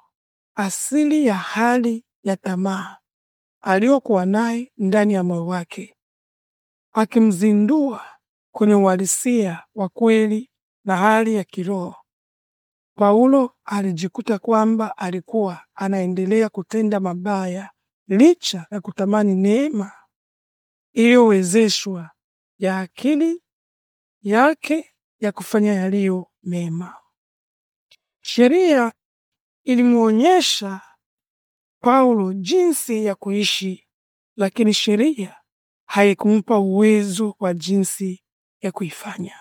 asili ya hali ya tamaa aliyokuwa naye ndani ya moyo wake, akimzindua kwenye uhalisia wa kweli na hali ya kiroho Paulo alijikuta kwamba alikuwa anaendelea kutenda mabaya licha ya kutamani neema iliyowezeshwa ya akili yake ya kufanya yaliyo mema. Sheria ilimwonyesha Paulo jinsi ya kuishi, lakini sheria haikumpa uwezo wa jinsi ya kuifanya.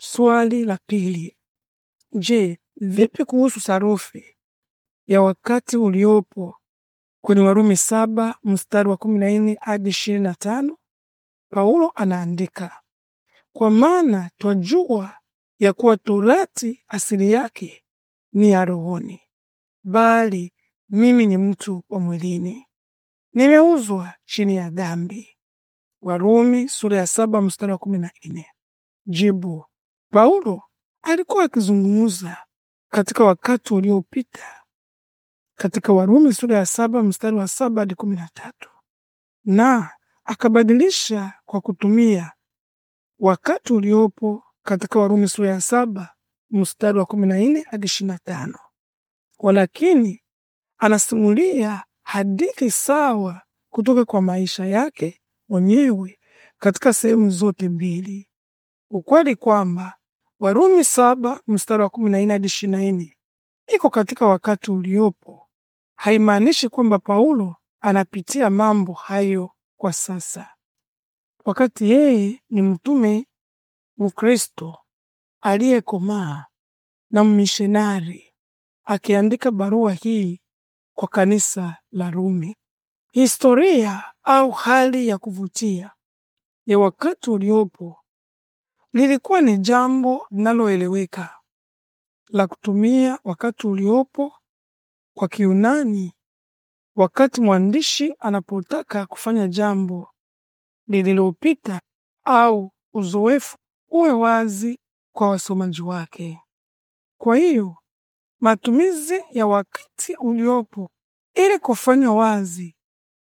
Swali la pili, Je, vipi kuhusu sarufi ya wakati uliopo kwenye Warumi saba mstari wa kumi na nne hadi ishirini na tano? Paulo anaandika, kwa maana twajua ya kuwa torati asili yake ni ya rohoni, bali mimi ni mtu wa mwilini, nimeuzwa chini ya dhambi. Warumi sura ya saba mstari wa kumi na nne. Jibu: Paulo alikuwa akizungumza katika wakati uliopita katika Warumi sura ya saba mstari wa saba hadi kumi na tatu na akabadilisha kwa kutumia wakati uliopo katika Warumi sura ya saba mstari wa kumi na nne hadi ishirini na tano walakini anasimulia hadithi sawa kutoka kwa maisha yake mwenyewe katika sehemu zote mbili, ukweli kwamba Warumi saba mstari wa kumi na nne hadi ishirini na nne iko katika wakati uliopo, haimaanishi kwamba Paulo anapitia mambo hayo kwa sasa, wakati yeye ni mtume Mkristo aliyekomaa na mmishonari akiandika barua hii kwa kanisa la Rumi. Historia au hali ya kuvutia ya wakati uliopo Lilikuwa ni jambo linaloeleweka la kutumia wakati uliopo kwa Kiyunani wakati mwandishi anapotaka kufanya jambo lililopita au uzoefu uwe wazi kwa wasomaji wake. Kwa hiyo, matumizi ya wakati uliopo ili kufanya wazi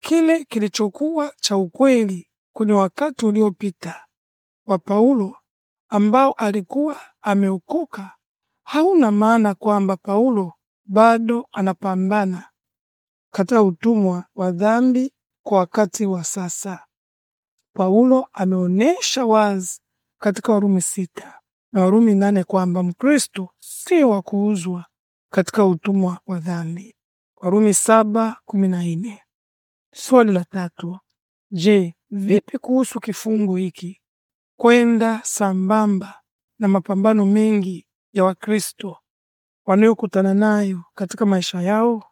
kile kilichokuwa cha ukweli kwenye wakati uliopita wa Paulo ambao alikuwa ameokoka hauna maana kwamba Paulo bado anapambana katika utumwa wa dhambi kwa wakati wa sasa. Paulo ameonesha wazi katika Warumi sita na Warumi nane kwamba Mkristo si wa kuuzwa katika utumwa wa dhambi. Warumi saba kumi na nne. Swali la tatu: Je, vipi kuhusu kifungu hiki? kwenda sambamba na mapambano mengi ya Wakristo wanayokutana nayo katika maisha yao.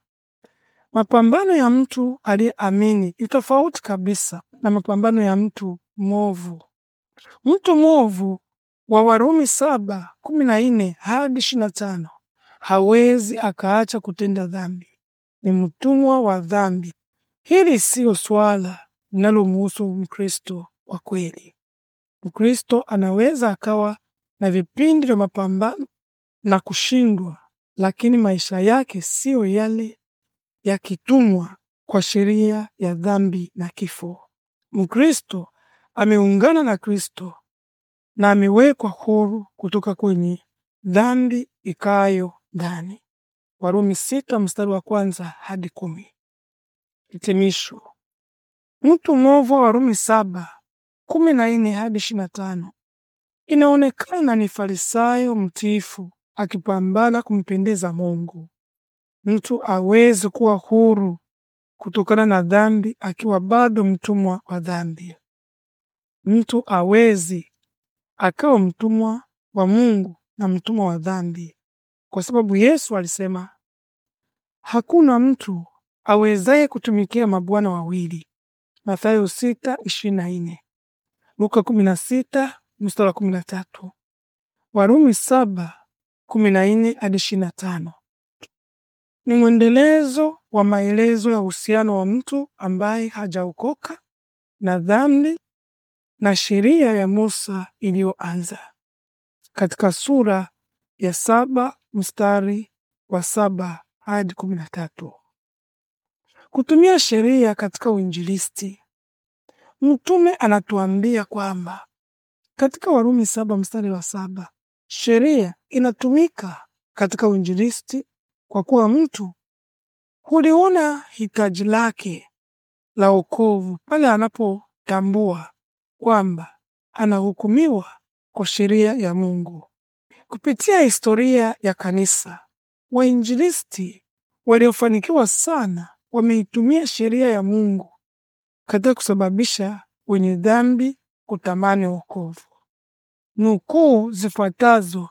Mapambano ya mtu aliyeamini ni tofauti kabisa na mapambano ya mtu mwovu. Mtu mwovu wa Warumi saba kumi na nne hadi ishirini na tano hawezi akaacha kutenda dhambi, ni mtumwa wa dhambi. Hili siyo swala linalomuhusu Mkristo wa kweli. Mkristo anaweza akawa na vipindi vya mapambano na kushindwa, lakini maisha yake siyo yale yakitumwa kwa sheria ya dhambi na kifo. Mkristo ameungana na Kristo na amewekwa huru kutoka kwenye dhambi ikayo ndani. Warumi sita mstari wa kwanza hadi kumi. Hitimisho. Mtu mwovu wa Warumi saba kumi na nne hadi ishirini na tano inaonekana ni farisayo mtiifu akipambana kumpendeza Mungu. Mtu awezi kuwa huru kutokana na dhambi akiwa bado mtumwa wa dhambi. Mtu awezi akawa mtumwa wa Mungu na mtumwa wa dhambi, kwa sababu Yesu alisema hakuna mtu awezaye kutumikia mabwana wawili, Mathayo Luka kumi sita mstari wa kumi tatu Warumi saba kumi na nne hadi ishirini tano ni mwendelezo wa maelezo ya uhusiano wa mtu ambaye hajaokoka na dhambi na sheria ya Musa iliyoanza katika sura ya saba mstari wa saba hadi kumi na tatu. Kutumia sheria katika uinjilisti. Mtume anatuambia kwamba katika Warumi saba mstari wa saba sheria inatumika katika uinjilisti kwa kuwa mtu huliona hitaji lake la wokovu pale anapotambua kwamba anahukumiwa kwa sheria ya Mungu. Kupitia historia ya kanisa, wainjilisti waliofanikiwa sana wameitumia sheria ya Mungu katika kusababisha wenye dhambi kutamani wokovu. Nukuu zifuatazo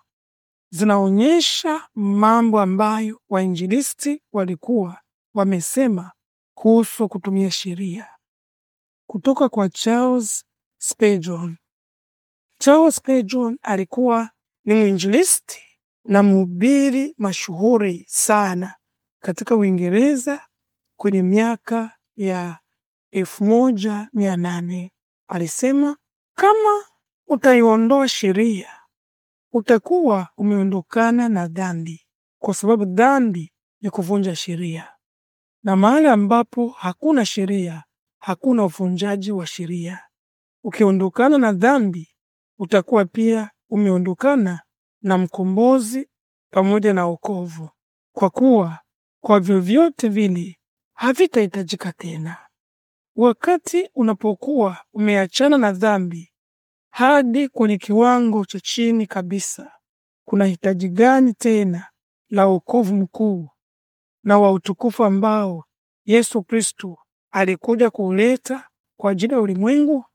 zinaonyesha mambo ambayo wainjilisti walikuwa wamesema kuhusu kutumia sheria kutoka kwa Charles Spurgeon. Charles Spurgeon alikuwa ni mwinjilisti na mhubiri mashuhuri sana katika Uingereza kwenye miaka ya elfu moja mia nane alisema, kama utaiondoa sheria utakuwa umeondokana na dhambi, kwa sababu dhambi ni kuvunja sheria, na mahali ambapo hakuna sheria hakuna uvunjaji wa sheria. Ukiondokana na dhambi, utakuwa pia umeondokana na mkombozi pamoja na wokovu, kwa kuwa kwa vyovyote vile havitahitajika tena. Wakati unapokuwa umeachana na dhambi hadi kwenye kiwango cha chini kabisa, kuna hitaji gani tena la wokovu mkuu na wa utukufu ambao Yesu Kristo alikuja kuuleta kwa ajili ya ulimwengu?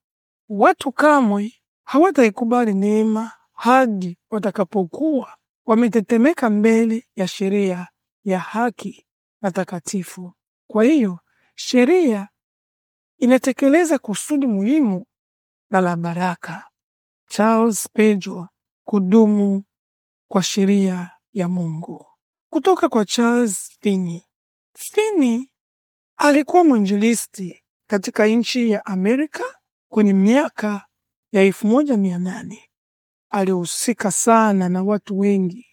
Watu kamwe hawataikubali neema hadi watakapokuwa wametetemeka mbele ya sheria ya haki na takatifu. Kwa hiyo sheria inatekeleza kusudi muhimu na la baraka. Charles Spurgeon, kudumu kwa sheria ya Mungu. Kutoka kwa Charles Finney. Finney alikuwa mwinjilisti katika nchi ya Amerika kwenye miaka ya 1800. Alihusika sana na watu wengi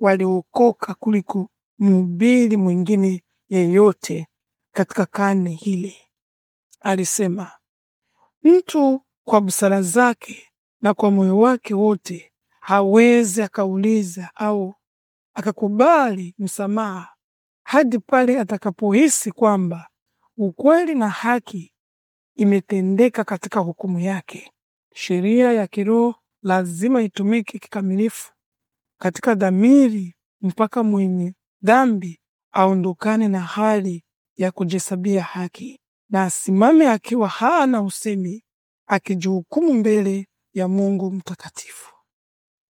waliokoka kuliko mhubiri mwingine yeyote katika karne hili alisema, mtu kwa busara zake na kwa moyo wake wote hawezi akauliza au akakubali msamaha hadi pale atakapohisi kwamba ukweli na haki imetendeka katika hukumu yake. Sheria ya kiroho lazima itumike kikamilifu katika dhamiri mpaka mwenye dhambi aondokane na hali ya kujihesabia haki na asimame akiwa hana usemi, akijihukumu mbele ya Mungu mtakatifu.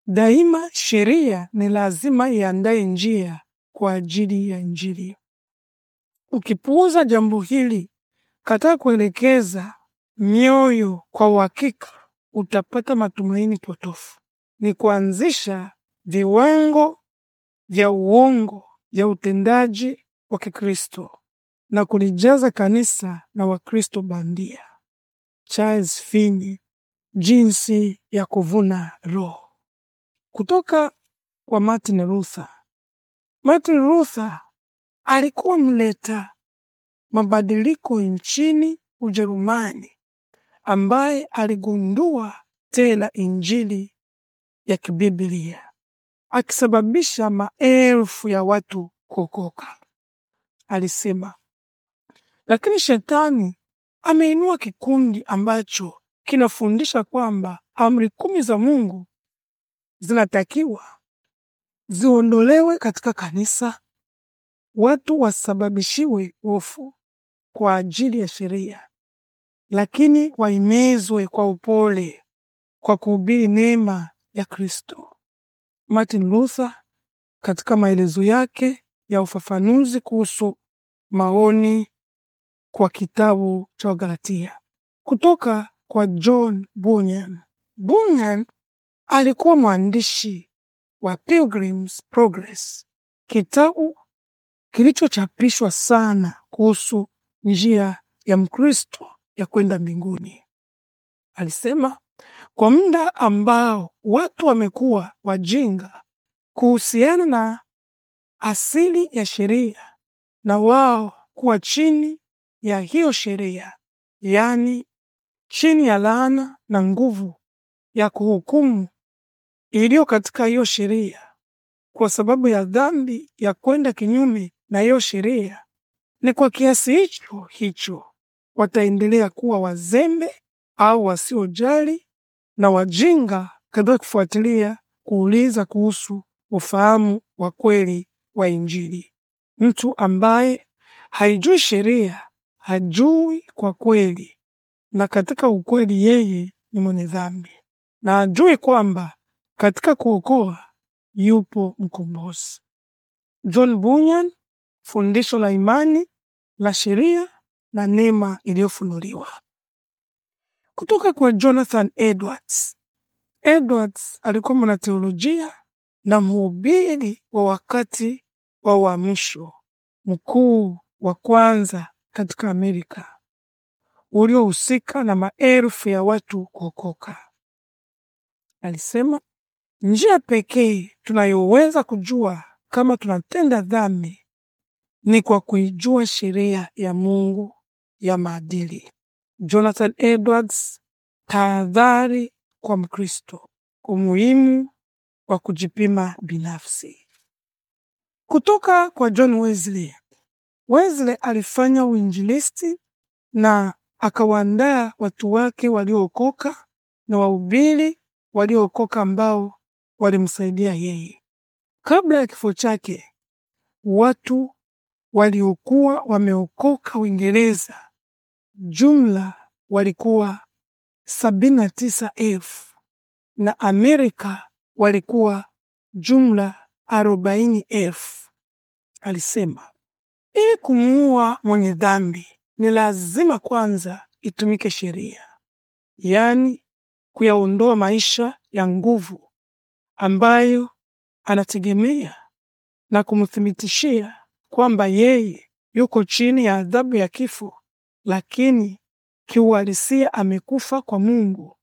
Daima sheria ni lazima iandaye njia kwa ajili ya Injili. Ukipuuza jambo hili, kataa kuelekeza mioyo kwa uhakika, utapata matumaini potofu. Ni kuanzisha viwango vya uongo vya utendaji wa Kikristo na kulijaza kanisa na Wakristo bandia. Charles Finney, jinsi ya kuvuna roho, kutoka kwa Martin Luther. Martin Luther alikuwa mleta mabadiliko nchini Ujerumani ambaye aligundua tena injili ya kibiblia akisababisha maelfu ya watu kuokoka. Alisema, lakini shetani ameinua kikundi ambacho kinafundisha kwamba amri kumi za Mungu zinatakiwa ziondolewe katika kanisa, watu wasababishiwe hofu kwa ajili ya sheria, lakini waimezwe kwa upole kwa kuhubiri neema ya Kristo. Martin Luther katika maelezo yake ya ufafanuzi kuhusu maoni kwa kitabu cha Wagalatia kutoka kwa John Bunyan. Bunyan alikuwa mwandishi wa Pilgrim's Progress, kitabu kilichochapishwa sana kuhusu njia ya Mkristo ya kwenda mbinguni. Alisema, kwa muda ambao watu wamekuwa wajinga kuhusiana na asili ya sheria na wao kuwa chini ya hiyo sheria, yaani chini ya laana na nguvu ya kuhukumu iliyo katika hiyo sheria, kwa sababu ya dhambi ya kwenda kinyume na hiyo sheria, ni kwa kiasi hicho hicho wataendelea kuwa wazembe au wasiojali na wajinga kadha kufuatilia kuuliza kuhusu ufahamu wa kweli wa Injili. Mtu ambaye haijui sheria hajui kwa kweli, na katika ukweli yeye ni mwenye dhambi, na ajui kwamba katika kuokoa yupo mkombozi. John Bunyan, Fundisho la Imani, la Sheria na Neema Iliyofunuliwa, kutoka kwa Jonathan Edwards. Edwards alikuwa mwanateolojia na mhubiri wa wakati wa uamsho, mkuu wa kwanza katika Amerika uliohusika na maelfu ya watu kuokoka. Alisema njia pekee tunayoweza kujua kama tunatenda dhambi ni kwa kuijua sheria ya Mungu ya maadili. Jonathan Edwards, tahadhari kwa Mkristo: umuhimu wa kujipima binafsi, kutoka kwa John Wesley. Wesley alifanya uinjilisti na akawaandaa watu wake waliookoka na wahubiri waliookoka ambao walimsaidia yeye. Kabla ya kifo chake, watu waliokuwa wameokoka Uingereza jumla walikuwa sabini na tisa elfu na Amerika walikuwa jumla arobaini elfu. Alisema ili kumuua mwenye dhambi ni lazima kwanza itumike sheria, yaani kuyaondoa maisha ya nguvu ambayo anategemea na kumthibitishia kwamba yeye yuko chini ya adhabu ya kifo, lakini kiuhalisia amekufa kwa Mungu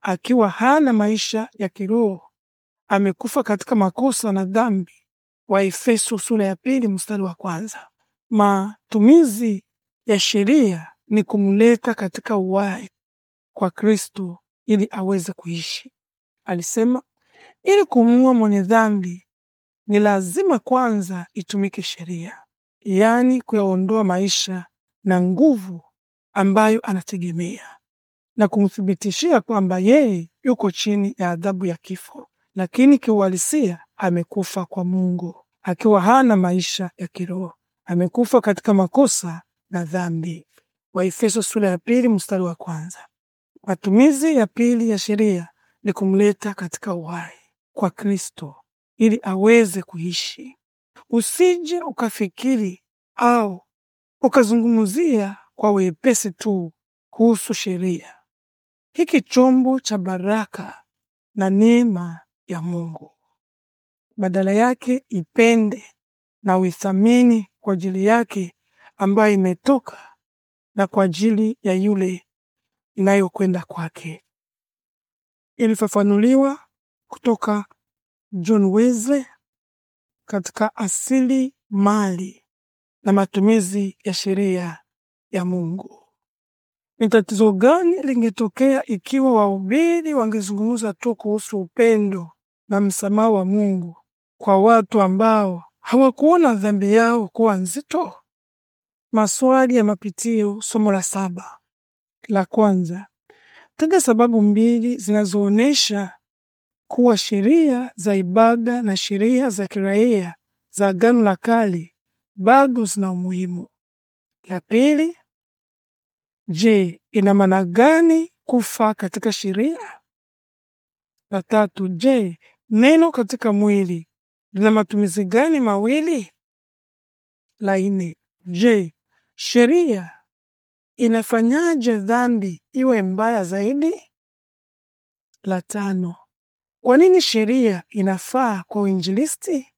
akiwa hana maisha ya kiroho, amekufa katika makosa na dhambi. Waefeso sura ya pili mstari wa kwanza matumizi ya sheria ni kumleta katika uhai kwa Kristo ili aweze kuishi. Alisema ili kumuua mwenye dhambi ni lazima kwanza itumike sheria, yaani kuyaondoa maisha na nguvu ambayo anategemea na kumthibitishia kwamba yeye yuko chini ya adhabu ya kifo, lakini kiuhalisia amekufa kwa Mungu akiwa hana maisha ya kiroho amekufa katika makosa na dhambi. Waefeso sura ya pili mstari wa kwanza. Matumizi ya pili ya sheria ni kumleta katika uhai kwa Kristo ili aweze kuishi. Usije ukafikiri au ukazungumzia kwa wepesi tu kuhusu sheria. Hiki chombo cha baraka na neema ya Mungu, badala yake ipende na uithamini kwa ajili yake ambayo imetoka na kwa ajili ya yule inayokwenda kwake. Ilifafanuliwa kutoka John Wesley katika asili mali na matumizi ya sheria ya Mungu. Ni tatizo gani lingetokea ikiwa wahubiri wangezungumza tu kuhusu upendo na msamaha wa Mungu kwa watu ambao hawakuona dhambi yao kuwa nzito. Maswali ya mapitio, somo la saba. La kwanza, taja sababu mbili zinazoonesha kuwa sheria za ibada na sheria za kiraia za Agano la Kale bado zina umuhimu. La pili, je, ina maana gani kufa katika sheria? La tatu, je, neno katika mwili Lina matumizi gani mawili? La nne, je, sheria inafanyaje dhambi iwe mbaya zaidi? La tano, kwa nini sheria inafaa kwa uinjilisti?